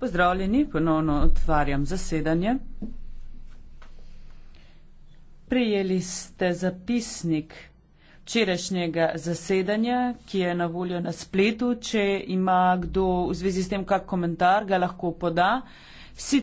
Pozdravljeni, ponovno otvarjam zasedanje. Prijeli ste zapisnik včerajšnjega zasedanja, ki je na voljo na spletu. Če ima kdo v zvezi s tem kak komentar, ga lahko poda. Vsi